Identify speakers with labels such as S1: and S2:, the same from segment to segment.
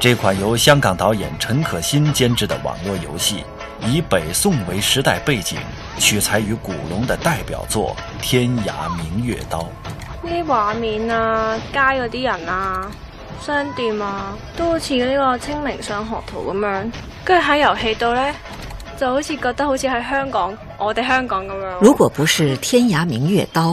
S1: 這款由香港導演陳可辛監製的網絡遊戲，以北宋為時代背景，取材於古龍的代表作《天涯明月刀》。
S2: 呢啲畫面啊，街嗰啲人啊，商店啊，都好似呢個清明上河圖咁樣。跟住喺遊戲度咧，就好似覺得好似喺香港，我哋香港咁
S3: 樣。如果不是《天涯明月刀》。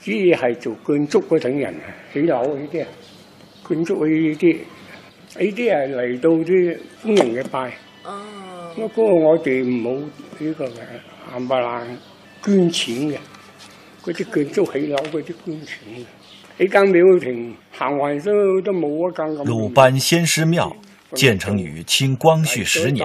S4: 主要係做建築嗰種人啊，起樓呢啲啊，建築呢啲，呢啲係嚟到啲供人嘅拜。哦、這個。不過我哋唔好呢個冚唪唥捐錢嘅，嗰啲建築起樓嗰啲捐錢。呢間廟庭行為都都冇一間咁。魯
S1: 班先師廟建成於清光緒十年。